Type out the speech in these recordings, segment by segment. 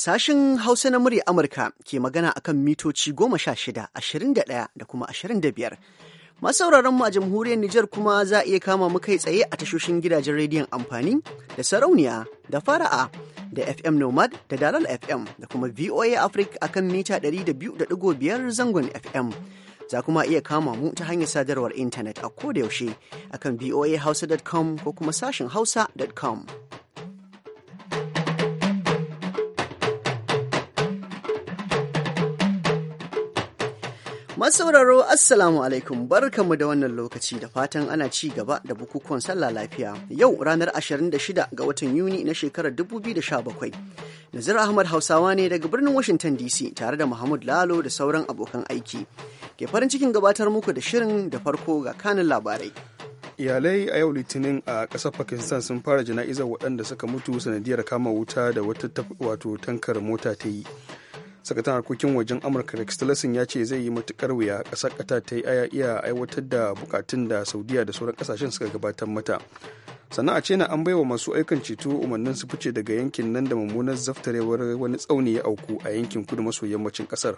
Sashen Hausa na murya Amurka ke magana akan mitoci goma sha shida, ashirin da ɗaya da kuma ashirin da biyar. Masauraran mu a jamhuriyar Nijar kuma za a iya kama mu kai tsaye a tashoshin gidajen rediyon amfani da sarauniya da fara'a da FM Nomad da Dalal FM da kuma VOA Africa akan mita 200.5 zangon FM. Za kuma iya kama mu ta hanyar sadarwar intanet a kodayaushe akan voahausa.com ko kuma sashin hausa.com. Masauraro Assalamu alaikum barkamu da wannan lokaci da fatan ana ci gaba da bukukuwan sallah lafiya. Yau ranar 26 ga watan Yuni na shekarar 2017. Nazir Ahmad Hausawa ne daga birnin Washington DC tare da Muhammad Lalo da sauran abokan aiki. Ke farin cikin gabatar muku da shirin da farko ga kanin labarai. iyalai a yau litinin a ƙasar pakistan sun fara jana'izar waɗanda suka mutu sanadiyar kama wuta da wata wato tankar mota ta yi sakataren harkokin wajen amurka rex tillerson ya ce zai yi matukar wuya kasar kata ta yi aya iya aiwatar da bukatun da saudiya da sauran kasashen suka gabatar mata sannan a na an baiwa masu aikan ceto umarnin su fice daga yankin nan da mummunar zaftarewar wani tsauni ya auku a yankin kudu maso yammacin kasar.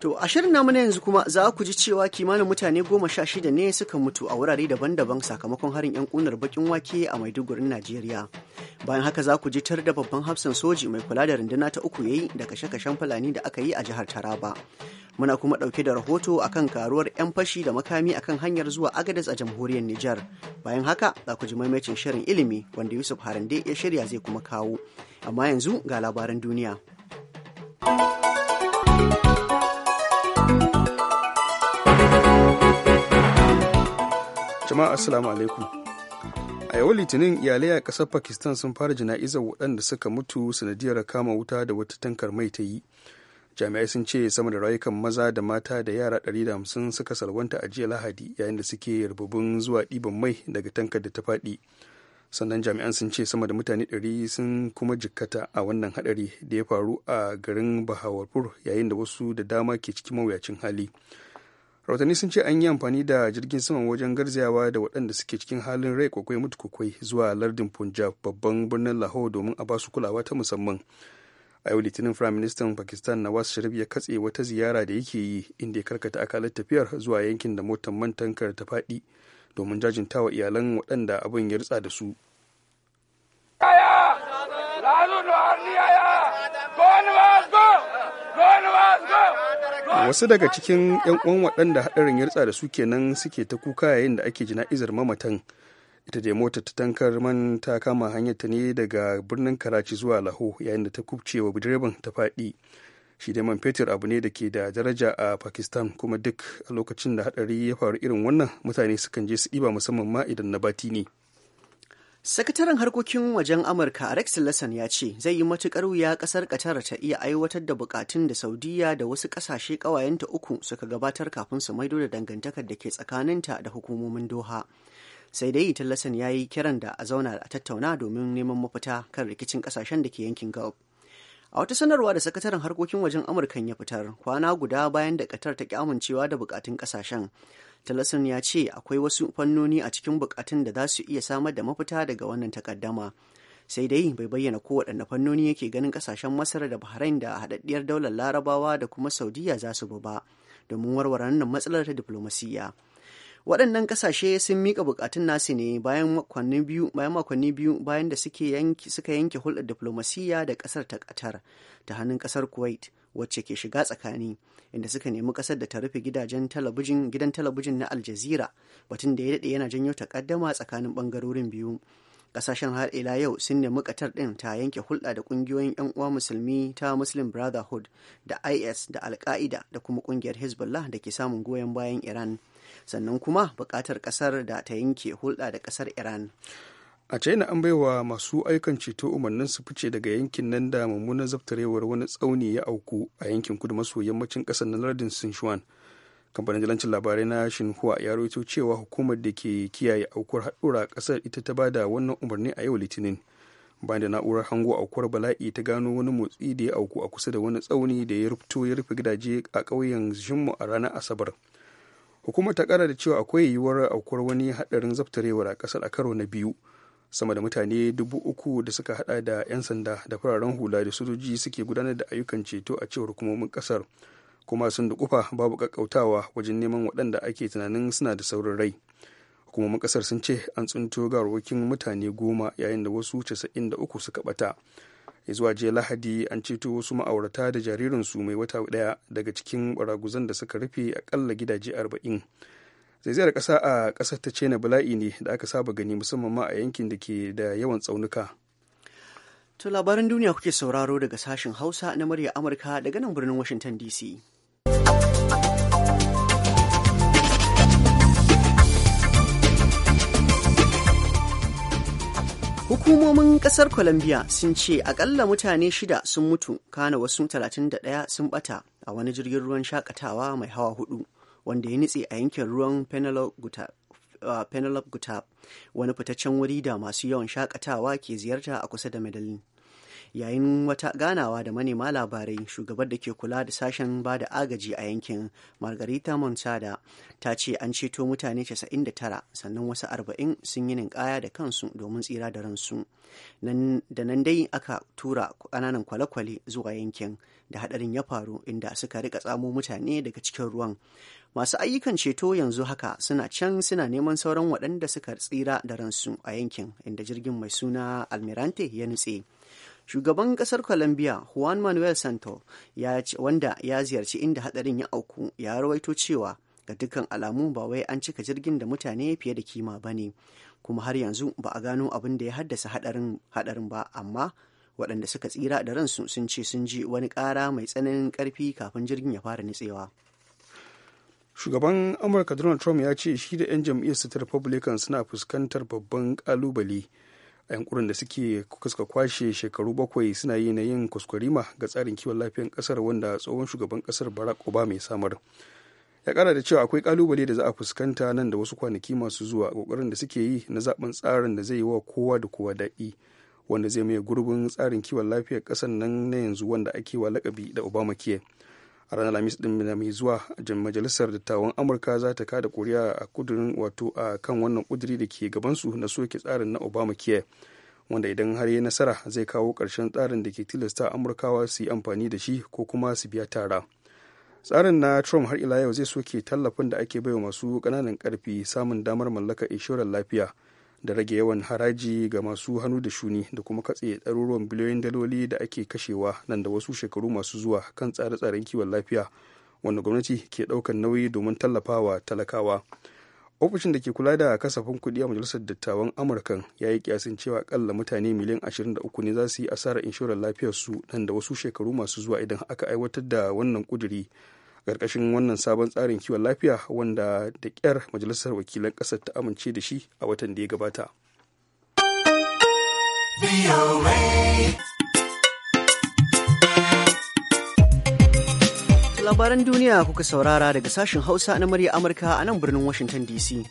To a shirin namu na yanzu kuma za ku ji cewa kimanin mutane goma sha shida ne suka mutu a wurare daban-daban sakamakon harin 'yan kunar bakin wake a Maiduguri, Najeriya. Bayan haka za ku ji tar da babban hafsan soji mai kula da runduna ta uku yayi da kashe-kashen fulani da aka yi a jihar Taraba. Muna kuma ɗauke da rahoto akan karuwar 'yan fashi da makami akan hanyar zuwa Agadez a jamhuriyar Nijar. Bayan haka za ku ji maimacin shirin ilimi wanda Yusuf Harande ya shirya zai kuma kawo. Amma yanzu ga labaran duniya. jama'a assalamu alaikum a yau litinin iyalai a kasar pakistan sun fara jana'izar waɗanda suka mutu sanadiyar kama wuta da wata tankar mai ta yi jami'ai sun ce sama da rayukan maza da mata da yara 150 suka salwanta a jiya lahadi yayin da suke rububin zuwa ɗiban mai daga tankar da ta faɗi sannan jami'an sun ce sama da mutane 100 sun kuma jikkata a wannan hadari da ya faru a garin bahawalpur yayin da wasu da dama ke cikin mawuyacin hali rahotanni sun ce an yi amfani da jirgin saman wajen garzayawa da waɗanda suke cikin halin rai kwakwai mutu kwakwai zuwa lardin punjab babban birnin lahore domin a basu kulawa ta musamman a yau litinin firaministan minister pakistan nawaz sharif ya katse wata ziyara da yake yi inda ya karkata akalar tafiyar zuwa yankin da motar man tankar ta faɗi domin jajintawa iyalan waɗanda abin ya ritsa da su. wasu daga cikin 'yan uwan waɗanda haɗarin ya da su kenan suke ta kuka yayin da ake jana'izar mamatan ita dai motar ta tankar man ta kama hanyar ta ne daga birnin karachi zuwa laho yayin da ta kubce wa direban ta faɗi shi dai man fetur abu ne da ke da daraja a pakistan kuma duk a lokacin da haɗari ya faru irin wannan mutane sukan je su ɗiba musamman ma idan na bati ne Sakataren harkokin wajen Amurka Rex Tillerson ya ce zai yi matukar wuya kasar Qatar ta iya aiwatar da bukatun da Saudiya da wasu ƙasashe ƙawayenta uku suka gabatar kafin su maido da dangantakar da ke tsakaninta da hukumomin Doha. Sai dai Tillerson ya yi kiran da a zauna a tattauna domin neman mafita kan rikicin ƙasashen da ke yankin Gulf. A wata sanarwa da sakataren harkokin wajen Amurkan ya fitar kwana guda bayan da Qatar ta ƙi amincewa da bukatun ƙasashen. talasan ya ce akwai wasu fannoni a cikin bukatun da za su iya samar da mafita daga wannan takaddama sai dai bai bayyana ko waɗanne fannoni yake ganin ƙasashen masar da bahrain da haɗaɗɗiyar daular larabawa da kuma saudiya za su bi ba domin warware nan matsalar ta diflomasiyya waɗannan ƙasashe sun miƙa bukatun nasu ne bayan makonni biyu bayan makonni biyu bayan da suke suka yanke hulɗar diflomasiyya da ƙasar ta Qatar ta hannun ƙasar Kuwait wacce ke shiga tsakani inda suka nemi kasar da ta rufe gidajen talabijin gidan talabijin na aljazira batun da ya daɗe yana janyo takaddama tsakanin bangarorin biyu kasashen har ila yau sun nemi katar ɗin ta yanke hulɗa da ƙungiyoyin 'yan uwa musulmi ta muslim brotherhood da is da alka'ida da kuma ƙungiyar hezbollah da ke samun goyon bayan iran sannan kuma bukatar ƙasar da ta yanke hulɗa da ƙasar iran a china an baiwa masu aikan ceto umarnin su fice daga yankin nan da mummunan zaftarewar wani tsauni ya auku a yankin kudu maso yammacin kasar na lardin sinshuan kamfanin jalancin labarai na shinhua ya rawaito cewa hukumar da ke kiyaye aukuwar haɗura kasar ita ta bada wannan umarni a yau litinin bayan da na'urar hango aukuwar bala'i ta gano wani motsi da ya auku a kusa da wani tsauni da ya rufto ya rufe gidaje a ƙauyen jimmu a ranar asabar hukumar ta kara da cewa akwai yiwuwar aukuwar wani haɗarin zaftarewar a ƙasar a karo na biyu sama da mutane dubu uku da suka hada da 'yan sanda da fararen hula da sojoji suke gudanar da ayyukan ceto a cewar hukumomin kasar kuma sun dukufa babu kakkautawa wajen neman waɗanda ake tunanin suna da saurin rai hukumomin kasar sun ce an tsinto garwakin mutane goma yayin da wasu casa'in da uku suka bata zuwa jiya lahadi an ceto wasu ma'aurata da jaririnsu mai wata daya daga cikin baraguzan da suka rufe akalla gidaje arba'in zaizayar ƙasa a ƙasar ta china bala'i ne da aka saba gani musamman ma a yankin da ke da yawan tsaunuka to labaran duniya kuke sauraro daga sashen hausa na murya amurka daga nan birnin washington dc Hukumomin kasar Colombia sun ce akalla mutane shida sun mutu kana wasu 31 sun bata a wani jirgin ruwan shakatawa mai hawa hudu wanda ya nitse a yankin ruwan uh, penelope guta wani fitaccen wuri da masu yawan shakatawa ke ziyarta a kusa da medellin yayin wata ganawa da manema labarai shugabar da ke kula da sashen ba da agaji a yankin margarita montada ta ce an ceto mutane 99 sannan wasu 40 sun yi ninkaya da kansu domin tsira da ransu da nan dai aka tura ƙananan kwale-kwale zuwa yankin da hadarin ya faru inda suka rika tsamo mutane daga cikin ruwan masu ayyukan ceto yanzu haka suna can suna neman sauran waɗanda suka tsira da ransu a yankin inda jirgin mai suna almirante ya nutse shugaban ƙasar colombia juan manuel santo ya, wanda ya ziyarci inda hadarin ya auku ya rawaito cewa ga dukkan alamu ba wai an cika jirgin da mutane fiye da kima ba ne kuma har yanzu ba a gano abin da ya haddasa hadarin ba amma waɗanda suka tsira da ransu sun ce sun ji wani ƙara mai tsananin ƙarfi kafin jirgin ya fara nutsewa. shugaban amurka donald trump ya ce shi da 'yan jam'iyyarsa ta republican suna fuskantar babban kalubale a yankunan da suke suka kwashe shekaru bakwai suna yi na yin kwaskwarima ga tsarin kiwon lafiyan kasar wanda tsohon shugaban kasar barack obama ya samar ya kara da cewa akwai kalubale da za a fuskanta nan da wasu kwanaki masu zuwa kokarin da suke yi na zaben tsarin da zai yi wa kowa da kowa daɗi wanda zai maye gurbin tsarin kiwon lafiyar ƙasar nan na yanzu wanda ake wa lakabi da obamacare a ranar lamis din mai zuwa majalisar dattawan amurka za ta kada kuri'a a kudurin wato a kan wannan kuduri da ke gabansu na soke tsarin na obama kiyaye wanda idan har ya nasara zai kawo ƙarshen tsarin da ke tilasta amurkawa su yi amfani da shi ko kuma su biya tara tsarin na trump har ila yau zai soke tallafin da ake baiwa masu ƙananan karfi samun damar mallaka inshorar lafiya da rage yawan haraji ga masu hannu da shuni da kuma katse ɗaruruwan biliyoyin daloli da ake kashewa nan da wasu shekaru masu zuwa kan tsare-tsaren kiwon lafiya wanda gwamnati ke ɗaukan nauyi domin tallafawa talakawa ofishin da ke kula da kasafin kuɗi a majalisar dattawan amurkan ya yi kiyasin cewa akalla mutane miliyan 23 ne za su yi asarar inshorar lafiyarsu nan da wasu shekaru masu zuwa idan aka aiwatar da wannan kuduri karkashin wannan sabon tsarin kiwon lafiya wanda da ƙyar majalisar wakilan ƙasar ta amince da shi a watan da ya gabata. Labaran duniya kuka saurara daga sashen Hausa na murya Amurka a nan birnin Washington DC.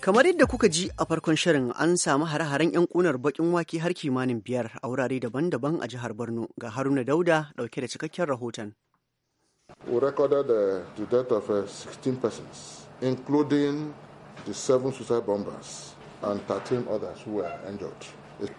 Kamar yadda kuka ji a farkon shirin an samu hare-haren 'yan kunar bakin wake har kimanin biyar a wurare daban-daban a jihar Borno ga Haruna Dauda dauke da cikakken rahoton. We recorded uh, the death of 16 uh, persons, including the seven suicide bombers and 13 others who were injured.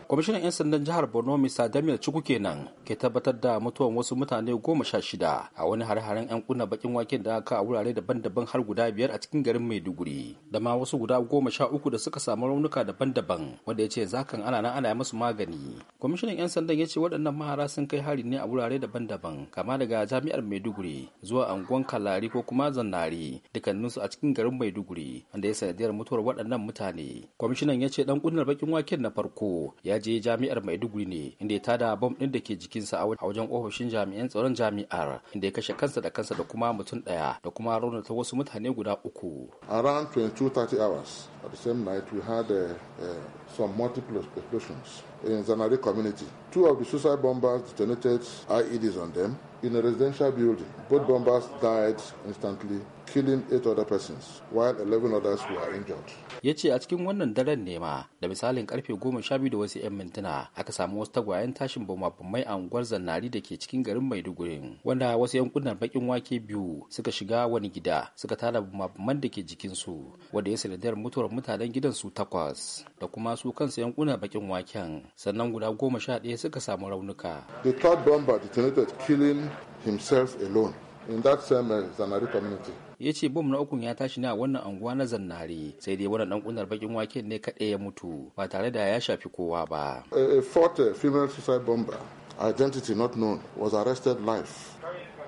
kwamishinan 'yan sandan jihar borno mr damiel chuku kenan ke tabbatar da mutuwan wasu mutane goma sha shida a wani hare-haren 'yan kunna bakin waken da aka a wurare daban-daban har guda biyar a cikin garin maiduguri da ma wasu guda goma sha uku da suka samu raunuka daban-daban wanda ya ce zakan ana nan ana musu magani kwamishinan 'yan sandan ya ce waɗannan mahara sun kai hari ne a wurare daban-daban kama daga jami'ar maiduguri zuwa anguwan kalari ko kuma zannari dukkaninsu a cikin garin maiduguri wanda ya sanadiyar mutuwar waɗannan mutane kwamishinan ya ce ɗan kunnar bakin waken na farko ya je jami'ar Maiduguri ne inda ya tada bom ɗin da ke jikinsa a wajen ofishin jami'an tsaron jami'ar inda ya kashe kansa da kansa da kuma mutum daya da kuma raunata wasu mutane guda uku. Around 22:30 hours at the same night we had a, uh, a, uh, some multiple explosions in Zanari community. Two of the suicide bombers detonated IEDs on them in a residential building. Both bombers died instantly killing eight other persons while eleven others were injured. Ya ce a cikin wannan daren ne ma da misalin karfe goma sha biyu da wasu 'yan mintuna aka samu wasu tagwayen tashin bamai a unguwar zannari da ke cikin garin Maiduguri wanda wasu yankunan bakin wake biyu suka shiga wani gida suka tara bamabaman da ke jikinsu wanda ya sanadiyar mutuwar mutanen gidan su takwas da kuma su kansu yankunan bakin waken sannan guda goma sha ɗaya suka samu raunuka. The third bomber detonated killing himself alone in that same uh, Zanari community. ya ce bom na ukun ya tashi ne a wannan anguwa na Zannare sai dai wannan dan kunar bakin waken ne kaɗai ya mutu ba tare da ya shafi kowa ba. A fourth female suicide bomber identity not known was arrested live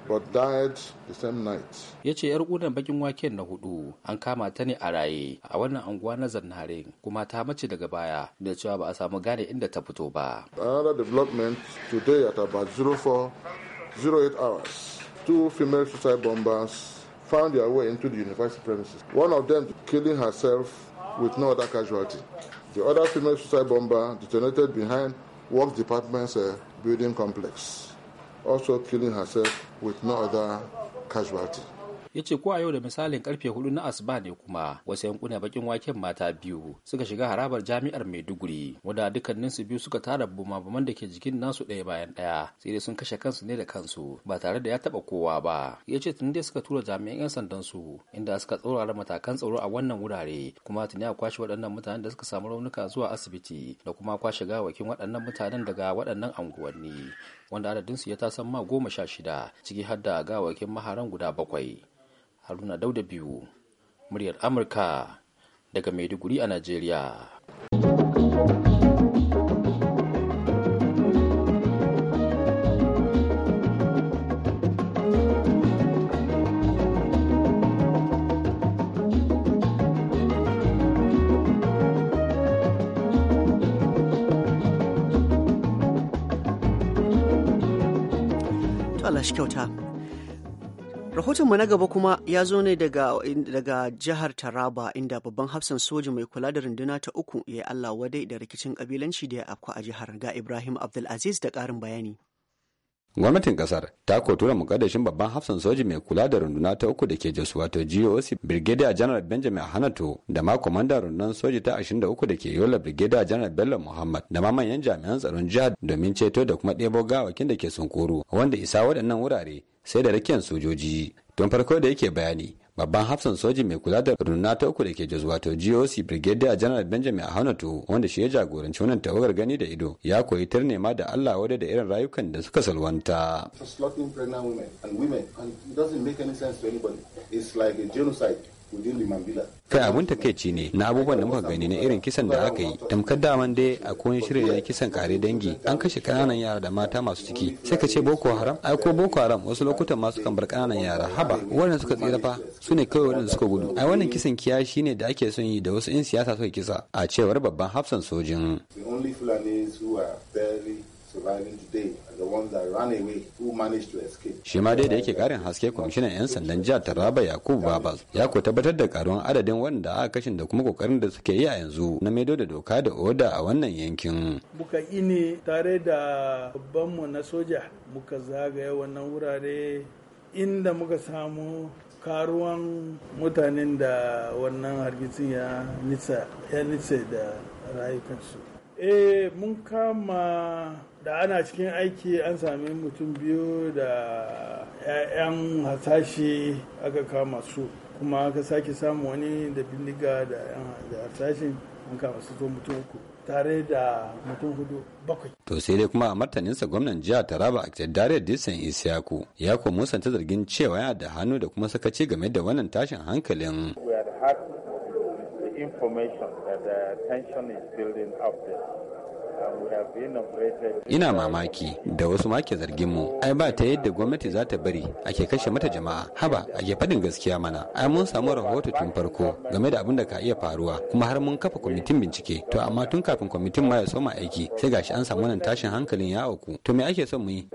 but died the same night. Ya ce 'yar ƙunan bakin waken na hudu an kama ta ne a raye a wannan anguwa na Zannare kuma ta mace daga baya da cewa ba a samu gane inda ta fito ba. Another development today at about 04 08 hours two female suicide bombers found their way into the university premises. One of them killing herself with no other casualty. The other female suicide bomber detonated behind Works Department's uh, building complex, also killing herself with no other casualty. ya ce ko a yau da misalin karfe hudu na asuba ne kuma wasu yankuna bakin waken mata biyu suka shiga harabar jami'ar maiduguri wanda dukkanin su biyu suka tara bumabuman da ke jikin nasu ɗaya bayan ɗaya sai dai sun kashe kansu ne da kansu ba tare da ya taba kowa ba ya ce tun dai suka tura jami'an 'yan sandan su inda suka tsorara matakan tsaro a wannan wurare kuma tuni a kwashe waɗannan mutanen da suka samu raunuka zuwa asibiti da kuma kwashe gawakin waɗannan mutanen daga waɗannan anguwanni wanda adadinsu ya tasan ma goma sha shida ciki har da gawakin maharan guda bakwai haruna dauda biyu muryar amurka daga maiduguri a najeriya Allah shi kyauta Rahotonmu na gaba kuma ya zo ne daga, jihar Taraba inda babban hafsan soja mai kula da runduna ta uku ya yi Allah wadai da rikicin kabilanci da ya afku a jihar ga Ibrahim Abdulaziz da karin bayani. gwamnatin kasar ta ko tura mukaddashin babban hafsan soji mai kula da runduna ta uku da ke jesu wato goc brigadier general benjamin hanato da ma komandan rundunar soji ta 23 da ke yola brigadier general bello muhammad da ma manyan jami'an tsaron jihar domin ceto da kuma ɗebo gawakin da ke sunkuru wanda isa waɗannan wurare sai da rakiyar sojoji tun farko da yake bayani babban hafsan soji mai kula da runa ta uku da ke jos wato goc brigadier general benjamin ahonatu wanda shi ya jagoranci wannan tawagar gani da ido ya koyi tar nema da allah wadda da irin rayukan da suka salwanta It's like a genocide. kai abin takaici ne na abubuwan da muka gani na irin kisan da aka yi tamkar daman dai a koyon shirin ya kisan kare dangi an kashe kananan yara da mata masu ciki sai ka ce boko haram ai ko boko haram wasu lokutan masu kan bar kananan yara haba wannan suka tsira fa su ne kawai waɗanda suka gudu ai wannan kisan kiya shine da ake son yi da wasu 'yan siyasa suka kisa a cewar babban hafsan sojin shima Shi ma dai da yake karin haske kwamishinan 'yan sandan jihar Taraba Yakubu Babas ya ko tabbatar da karuwan adadin wanda aka kashin da kuma kokarin da suke yi a yanzu na maido da doka da oda a wannan yankin. Muka ini tare da babbanmu na soja muka zagaya wannan wurare inda muka samu karuwan mutanen da wannan hargitsin ya nitsa da rayukansu. Eh mun kama da ana cikin aiki an sami mutum biyu da 'ya'yan hasashe aka kama su kuma aka sake samu wani da bindiga da 'yan hasashen an kama su zo mutum uku tare da mutum hudu bakwai. To sai dai kuma a martaninsa gwamnan jiha Taraba a Dare Disan Isiyaku ya ko musanta zargin cewa yana da hannu da kuma sakaci game da wannan tashin hankalin. information that the tension is building up there. Ina mamaki da wasu make zargin mu. Ai ba ta yadda gwamnati za ta bari ake kashe mata jama'a. Haba ake faɗin gaskiya mana. Ai mun samu rahoto tun farko game da abin da ka iya faruwa kuma har mun kafa kwamitin bincike. To amma tun kafin kwamitin ma ya soma aiki sai gashi an samu nan tashin hankalin ya auku. To me ake son mu yi?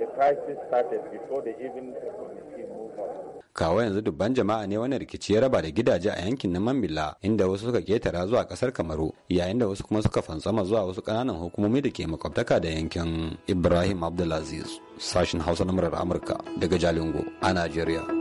kawo yanzu dubban jama'a ne wani rikici ya raba da gidaje a yankin na mambila inda wasu suka ketara zuwa kasar kamaru yayin da wasu kuma suka fantsama zuwa wasu kananan hukumomi da ke makwabtaka da yankin ibrahim abdulaziz sashin hausa na murar amurka daga jalingo a najeriya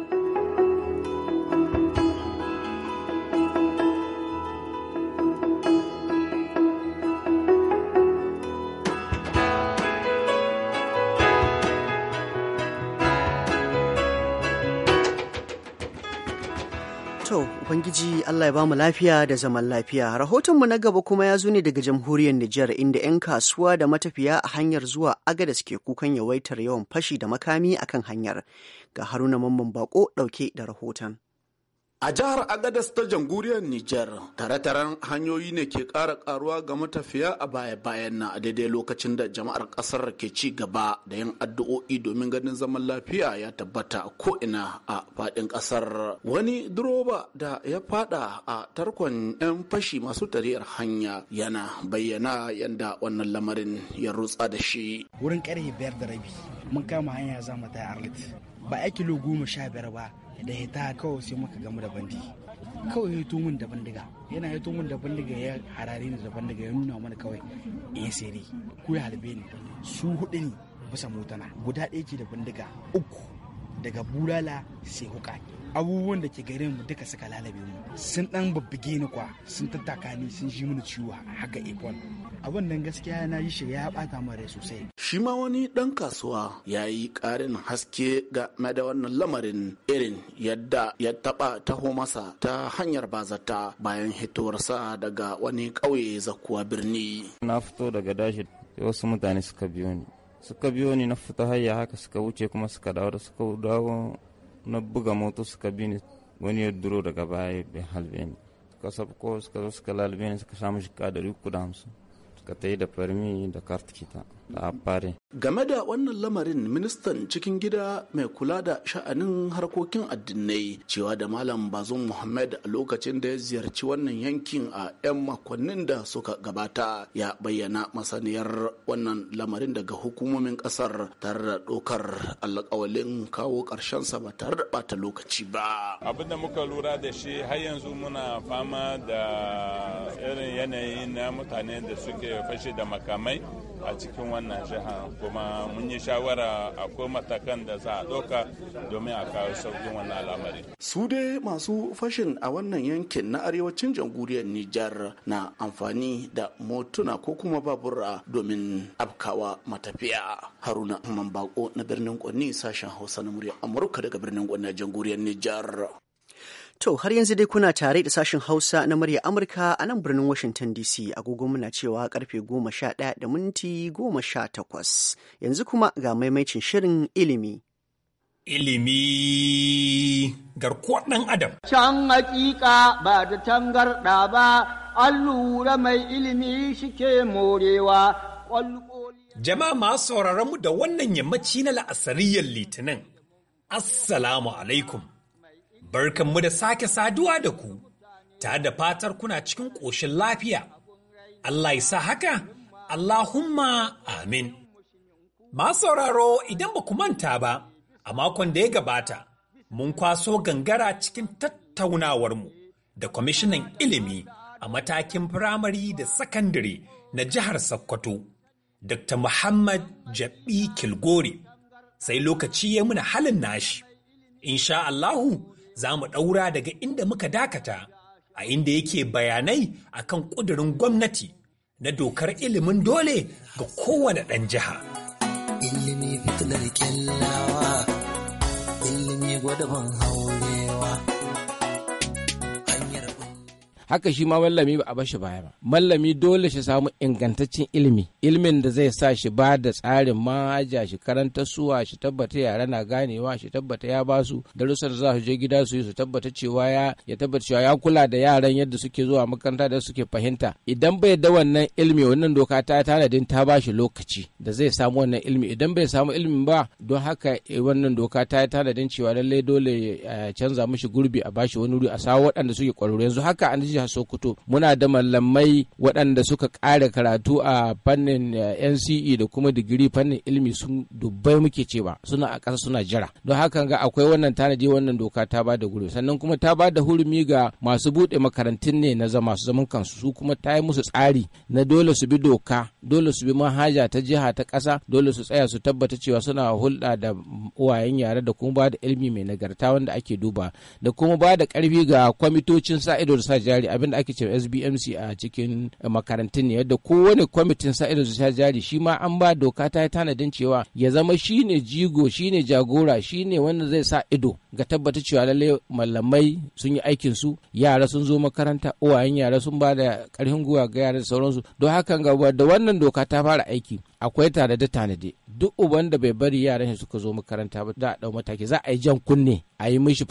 To, Ubangiji Allah ya ba mu lafiya da zaman lafiya. Rahotonmu na gaba kuma ya zo ne daga jamhuriyar Nijar inda 'yan kasuwa da matafiya a hanyar zuwa agada suke kukan yawaitar yawan fashi da makami akan hanyar. Ga Haruna Mamman Bako ɗauke da rahoton. A jihar Agadas ta jamhuriyar Nijar, tare-taren hanyoyi ne ke ƙara ƙaruwa ga matafiya a baya-bayan nan. a daidai lokacin da jama'ar ƙasar ke ci gaba da yin addu'o'i domin ganin zaman lafiya ya tabbata ko'ina a faɗin ƙasar. Wani duroba da ya faɗa a tarkon 'yan fashi masu tariyar hanya yana bayyana yadda wannan lamarin ya rutsa da shi. Wurin ƙarfe biyar da rabi, mun kama hanya za mu ta Arlit. Ba aiki kilo goma sha biyar ba, da ta kawai sai muka gamu da bandi kawai ya tumun da bandiga yana ya tumun da bandiga ya harare ni da bandiga ya nuna mana kawai in sere ko ya halbe ni su hudu ne bisa motana guda ɗaya ke da bandiga uku daga bulala sai huka abubuwan da ke garin mu duka suka lalabe mu sun dan babbige ni kwa sun tattaka ni sun ji mini ciwo haka epon abin nan gaskiya na yi shi ya bata mare sosai shi ma wani ɗan kasuwa ya yi ƙarin haske ga da wannan lamarin irin yadda ya taɓa taho masa ta hanyar bazata bayan hitowarsa daga wani ƙauye zakuwa birni na fito daga dashi wasu mutane suka biyo ni suka biyo ni na fita hayya haka suka wuce kuma suka dawo da suka dawo na buga moto suka bi ni wani ya duro daga baya bai halbe ni suka sabko suka zo suka lalbe ni suka samu shi kadari uku da hamsin ka tai da farmi da kartikita Game da wannan lamarin ministan cikin gida mai kula da sha'anin harkokin addinai cewa da Malam Bazum Muhammad a lokacin da ya ziyarci wannan yankin a 'yan makonnin da suka gabata ya bayyana masaniyar wannan lamarin daga hukumomin kasar tare da ɗaukar alƙawalin kawo ƙarshensa ba tare da bata lokaci ba. Abin da muka lura da shi har yanzu muna fama da irin yanayi na mutane da suke fashe da makamai a cikin wannan jiha kuma mun yi shawara akwai matakan da za a ɗauka domin a kawo sauƙin wannan al'amari. su dai masu fashin a wannan yankin na arewacin jamhuriyar nijar na amfani da motuna ko kuma babura domin afkawa matafiya haruna mamman bako na birnin kwanni sashen hausa na murya amurka daga birnin kwanni jamhuriyar nijar To har yanzu dai kuna tare da sashen Hausa na murya Amurka a nan birnin Washington DC agogo muna cewa karfe goma sha ɗaya da minti goma sha takwas. Yanzu kuma ga maimaicin shirin ilimi. Ilimi garkuwar ɗan Adam. Can hakika ba da tangarɗa ba, an lura mai ilimi shike morewa. Jama'a masu sauraron mu da wannan yammaci na la'asariyar Litinin. Assalamu alaikum. Barkanmu da sake saduwa da ku, ta da fatar kuna cikin ƙoshin lafiya. Allah ya sa haka, Allahumma amin. Masu sauraro idan ba ku manta ba, a makon da ya gabata, mun kwaso gangara cikin tattaunawarmu da kwamishinan ilimi a matakin Firamari da sakandare na jihar Sokoto, Dr. Muhammad Jabi Kilgore, sai lokaci ya muna halin nashi. Insha Allahu za mu ɗaura daga inda muka dakata a inda yake bayanai a kan ƙudurin gwamnati na dokar ilimin dole ga kowane ɗan jiha. Ilimi fitilar kyallawa, ilimi gwada haurewa, haka shi ma mallami ba a bashi baya ba mallami dole shi samu ingantaccen ilimi ilimin da zai sa shi ba da tsarin manhaja shi karanta suwa shi tabbata yara na ganewa shi tabbata ya basu darussan za su je gida su yi su tabbata cewa ya ya tabbata cewa ya kula da yaran yadda suke zuwa makaranta da suke fahimta idan bai da wannan ilimi wannan doka ta tanadin ta ba shi lokaci da zai samu wannan ilimi idan bai samu ilimin ba don haka eh, wannan doka ta tanadin cewa lallai dole eh, canza mishi gurbi a bashi wani wuri a sawo waɗanda suke ƙwararru yanzu haka an ji jihar Sokoto muna da mallamai waɗanda suka ƙara karatu a fannin eh, NCE da kuma digiri fannin ilimi sun dubbai muke cewa suna a ƙasa suna jira don haka ga akwai wannan tanaji wannan doka ta ba da guri sannan kuma ta ba da hurumi ga masu buɗe makarantun ne na zama su zaman kansu su kuma ta yi musu tsari na dole su bi doka dole su bi manhaja ta jiha ta ƙasa dole su tsaya su tabbata cewa suna hulɗa da uwayen yare da kuma ba da ilimi mai nagarta wanda ake duba da kuma ba da ƙarfi ga kwamitocin sa ido da sa jari abin da ake cewa SBMC a cikin eh, makarantun ne yadda kowane kwamitin sa irin jari shi ma an ba doka ta yi tanadin cewa ya zama shine jigo shine jagora shine wanda zai sa ido ga tabbata cewa lalle malamai sun yi aikin su yara sun zo makaranta uwayen yara sun ba da karfin gwiwa ga yara da sauransu don hakan gaba da wannan doka ta fara aiki akwai da tanade duk uban da bai bari yaran shi suka zo makaranta ba da dau mataki za a yi jan kunne a yi mishi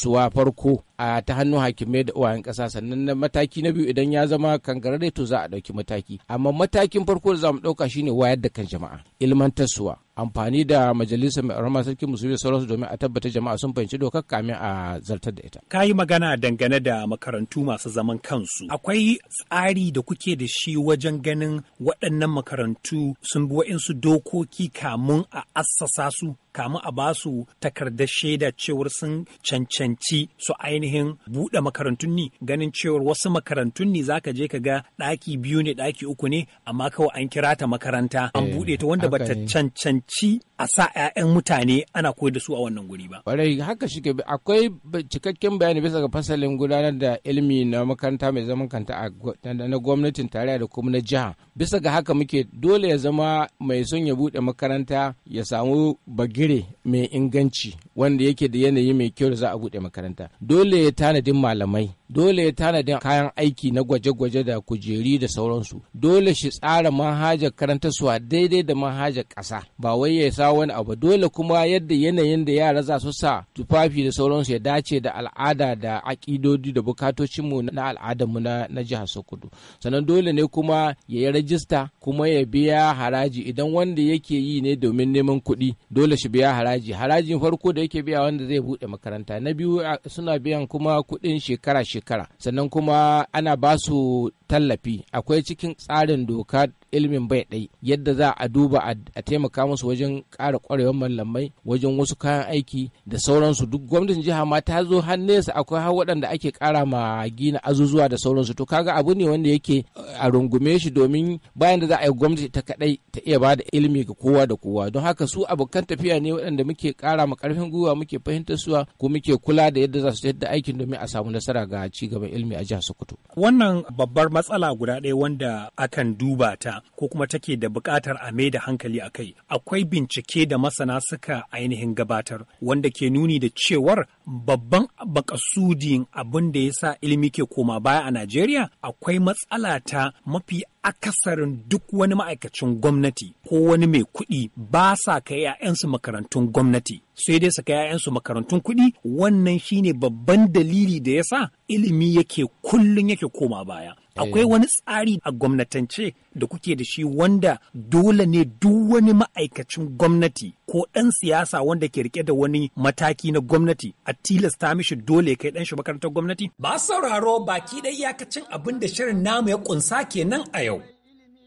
suwa farko a ta hannun hakimai da uwayen ƙasa sannan na mataki na biyu idan ya zama kangarare to za a ɗauki mataki amma matakin farko da za mu ɗauka shine wayar da kan jama'a ilmantarsuwa amfani da majalisar rama sarki musulmi sauransu domin a tabbata jama'a sun fahimci dokar kamin a zartar da ita. Ka yi magana dangane da makarantu masu zaman kansu. Akwai tsari da kuke da shi wajen ganin waɗannan makarantu sun bi wainsu dokoki kamun a assasa su kamun a ba su takardar shaida cewar sun cancanci su ainihin buɗe makarantun ni ganin cewar wasu makarantun ni zaka je ka ga ɗaki biyu ne ɗaki uku ne amma kawai an kira ta makaranta an eh, buɗe ta wanda bata cancanci ci a sa 'ya'yan mutane ana koyar da su a wannan guri ba. Ƙwarai haka shi akwai cikakken bayani bisa ga fasalin gudanar da ilimi na makaranta mai zaman kanta na gwamnatin tarayya da kuma na jiha. Bisa ga haka muke dole ya zama mai son ya bude makaranta ya samu bagire mai inganci wanda yake da yanayi mai kyau da za a bude makaranta. Dole ya tanadin malamai dole ya tanadin kayan aiki na gwaje-gwaje da kujeri da sauransu dole shi tsara manhajar karantarsuwa daidai da manhajar ƙasa ba wai ya sa wani abu dole kuma yadda yanayin da yara za su sa tufafi da sauransu ya dace da al'ada da aƙidodi da bukatocinmu na al'adarmu na jihar sokoto sannan dole ne kuma ya yi rajista kuma ya biya haraji idan wanda yake yi ne domin neman kuɗi dole shi biya haraji harajin farko da yake biya wanda zai buɗe makaranta na biyu suna biyan kuma kuɗin shekara shekara shekara sannan kuma ana ba su tallafi akwai cikin tsarin doka ilimin bai ɗai yadda za a duba a taimaka musu wajen ƙara ƙwarewar mallamai wajen wasu kayan aiki da sauransu duk gwamnatin jiha ma ta zo har nesa akwai har waɗanda ake ƙara ma gina azuzuwa da sauransu to kaga abu ne wanda yake a rungume shi domin bayan da za a yi gwamnati ta kaɗai ta iya ba da ilimi ga kowa da kowa don haka su abokan tafiya ne waɗanda muke ƙara ma ƙarfin gwiwa muke fahimtar suwa ko muke kula da yadda za su yadda aikin domin a samu nasara ga ci gaban ilimi a jihar Sokoto. Wannan babbar matsala guda ɗaya wanda akan duba ta ko kuma take da buƙatar a mai da hankali a kai akwai bincike da masana suka ainihin gabatar wanda ke nuni da cewar babban bakasudin abin da ya sa ilimi ke koma baya a najeriya akwai matsala ta mafi akasarin duk wani ma'aikacin gwamnati ko wani mai kuɗi ba sa kai 'ya'yansu makarantun gwamnati sai dai su kai 'ya'yansu makarantun kuɗi wannan shine babban dalili da ya sa ilimi yake kullum yake koma baya Akwai eh. wani tsari a gwamnatance da kuke da shi wanda dole ne duk wani ma'aikacin gwamnati ko ɗan siyasa wanda ke rike da wani mataki na gwamnati a tilasta mishi dole kai ɗan shi makarantar gwamnati? Ba sauraro baki ɗaya iyakacin abin da shirin namu ya kunsa kenan a yau.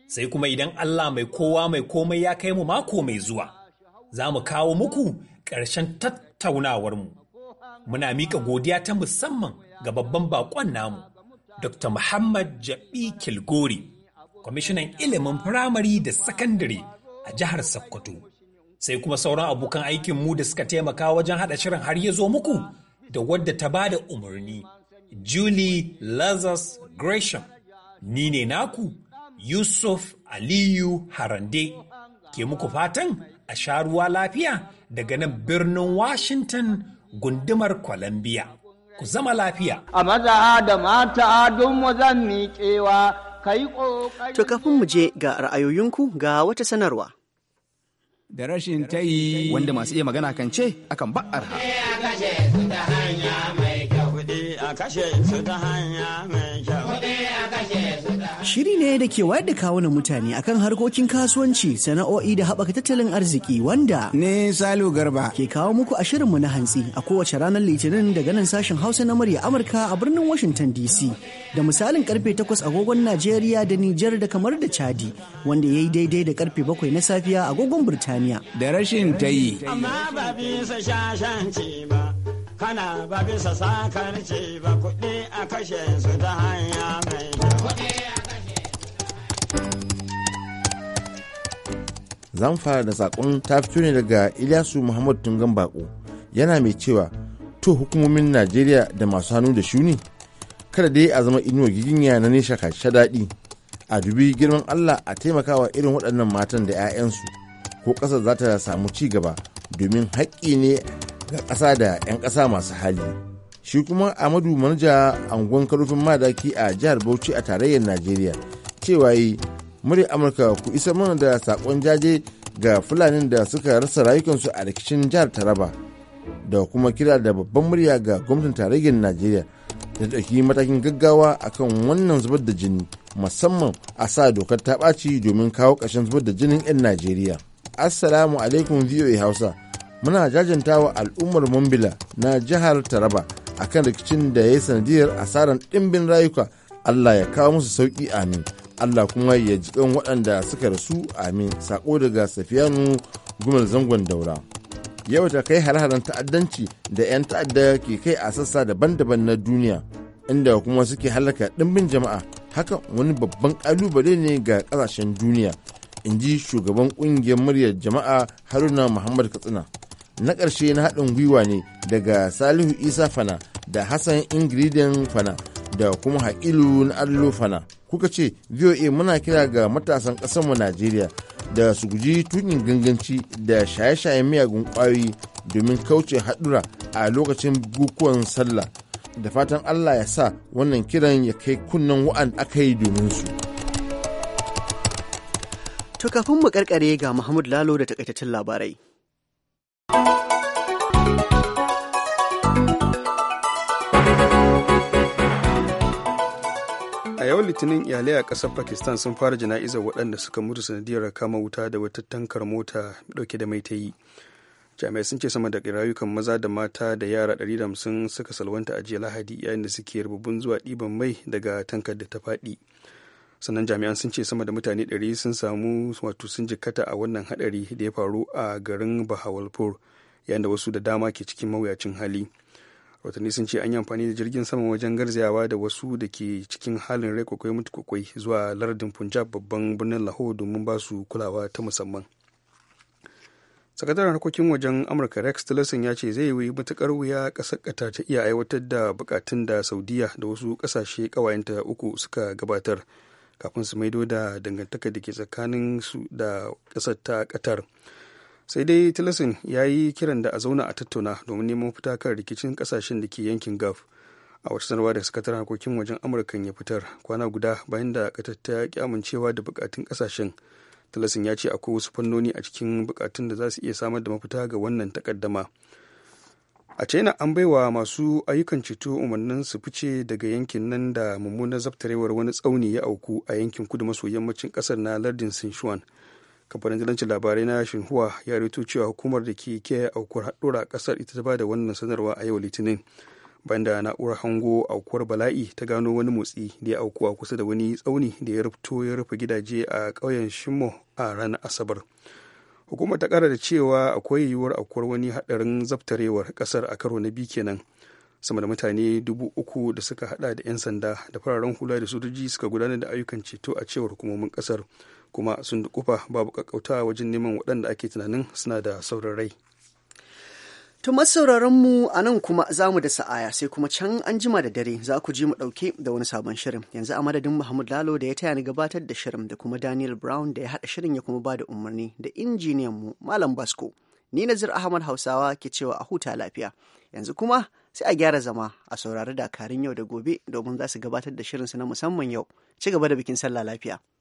Sai kuma idan Allah mai kowa mai komai ya kai mu mako mai zuwa, za mu kawo muku ƙarshen tattaunawarmu. Muna mika godiya ta musamman ga babban baƙon namu. Dr. Muhammad Jabi Kilgori, kwamishinan ilimin Firamari da sakandare a jihar Sokoto. Sai kuma sauran abokan aikin mu da suka taimaka wajen haɗa shirin har ya zo muku da wadda ta ba da umarni. Julie Lazarus Gresham, ni ne naku Yusuf Aliyu Harande, ke muku fatan a sha ruwa lafiya daga nan birnin Washington gundumar Columbia. ku zama lafiya. A maza da mata don mu zan miƙewa To kafin mu je ga ra'ayoyinku ga wata sanarwa. Da rashin ta yi wanda masu iya magana kan ce akan ba'ar ha. kashe su ta hanya mai kyau. Shiri ne da ke wayar da kawunan mutane akan harkokin kasuwanci, sana'o'i da haɓaka tattalin arziki wanda ne Salu Garba ke kawo muku a shirinmu na hantsi a kowace ranar Litinin daga nan sashen Hausa na murya Amurka a birnin Washington DC da misalin karfe 8 agogon Najeriya da Nijar da kamar da Chadi wanda ya yi daidai da karfe 7 na safiya agogon Birtaniya. Da rashin ta yi. Amma ba bisa shashanci ba. kana ba bisa ce ba kuɗi a kashe su ta hanya mai Zan fara da saƙon ta fito ne daga Ilyasu Muhammad Tungan Bako yana mai cewa to hukumomin Najeriya da masu hannu da shuni kada dai a zama inuwa giginya na nisha kashe daɗi a dubi girman Allah a taimakawa irin waɗannan matan da 'ya'yansu ko ƙasar za ta samu ci gaba domin haƙƙi ne ga ƙasa da 'yan ƙasa masu hali. Shi kuma Amadu Manaja angon karfin madaki a jihar Bauchi a tarayyar Najeriya cewa yi murya Amurka ku isa mana da saƙon jaje ga Fulanin da suka rasa rayukansu a rikicin jihar Taraba da kuma kira da babban murya ga gwamnatin tarayyar Najeriya da ɗauki matakin gaggawa akan wannan zubar da jini musamman a sa dokar ta ɓaci domin kawo ƙarshen zubar da jinin 'yan Najeriya. Assalamu alaikum VOA Hausa. muna jajantawa al'ummar mumbila na jihar taraba akan rikicin da ya yi sanadiyar asarar ɗimbin rayuka allah ya kawo musu sauƙi amin allah kuma ya ji waɗanda suka rasu amin sako daga safiyanu gumar zangon daura Yau ta kai har-haren ta'addanci da 'yan ta'adda ke kai a sassa daban-daban na duniya inda kuma suke halaka ɗimbin jama'a hakan wani babban ƙalubale ne ga ƙasashen duniya in ji shugaban ƙungiyar muryar jama'a haruna muhammad katsina na ƙarshe na haɗin gwiwa ne daga salihu isa fana da hassan ingridin fana da kuma ha'ilu na allo fana kuka ce voa muna kira ga matasan ƙasarmu najeriya da su guji tukin ganganci da shaye-shayen miyagun ƙwayoyi domin kauce haɗura a lokacin bukukuwan sallah da fatan allah ya sa wannan kiran ya kai kunnen wa'an aka yi domin su to kafin mu karkare ga muhammad lalo da takaitaccen labarai a yau litinin iyalai a kasar pakistan sun fara jana'izar waɗanda suka mutu sanadiyar kama wuta da wata tankar mota ɗauke da mai ta yi jami'ai sun ce sama da rayukan maza da mata da yara 150 suka salwanta a jiya lahadi yayin da suke rububin zuwa ɗiban mai daga tankar da ta faɗi sannan jami'an sun ce sama da mutane 100 sun samu wato sun jikkata a wannan hadari da ya faru a garin bahawalpur yayin da wasu da dama ke cikin mawuyacin hali watanni sun ce an yi amfani da jirgin sama wajen garzayawa da wasu da ke cikin halin rai kwakwai mutu kwakwai zuwa lardin punjab babban birnin lahore domin ba su kulawa ta musamman sakataren harkokin wajen amurka rex tillerson ya ce zai yi matukar wuya kasar kata ta iya aiwatar da bukatun da saudiya da wasu kasashe kawayenta uku suka gabatar kafin su maido da dangantaka da ke tsakanin su da kasar ta ƙatar sai dai tillerson ya yi kiran da a zauna a tattauna domin neman fita kan rikicin kasashen da ke yankin gaf a wata sanarwa da sakataren harkokin wajen amurkan ya fitar kwana guda bayan da katar ta ki amincewa da bukatun kasashen tillerson ya ce akwai wasu fannoni a cikin bukatun da za su iya samar da mafita ga wannan takaddama a china an baiwa masu ayyukan ceto umarnin su fice daga yankin nan da mummunar zabtarewar wani tsauni ya auku a yankin kudu maso yammacin kasar na lardin sichuan kamfanin dalancin labarai na shinhua ya rito cewa hukumar da ke kiyaye aukuwar haɗura ƙasar ita ta ba da wannan sanarwa a yau litinin banda na'urar hango aukuwar bala'i ta gano wani motsi da ya aukuwa kusa da wani tsauni da ya rufto ya rufe gidaje a ƙauyen shimo a ranar asabar hukumar ta kara da cewa akwai yiwuwar aukuwar wani haɗarin zaftarewar ƙasar a karo na biyu kenan sama da mutane dubu uku da suka hada da 'yan sanda da fararen hula da sojoji suka gudanar da ayyukan ceto a cewar hukumomin ƙasar kuma sun dukufa babu kakkautawa wajen neman waɗanda ake tunanin suna da sauran rai To mu a nan kuma za mu da sa'aya sai kuma can an jima da dare za ku ji mu ɗauke da wani sabon shirin yanzu a madadin Muhammad Lalo da ya taya ni gabatar da shirin da kuma Daniel Brown da ya haɗa shirin ya kuma ba da umarni da injiniyan mu Malam Basko. Ni Nazir Ahmad Hausawa ke cewa a huta lafiya. Yanzu kuma sai a gyara zama a saurari dakarun yau da gobe domin za su gabatar da shirinsu na musamman yau. Ci gaba da bikin sallah lafiya.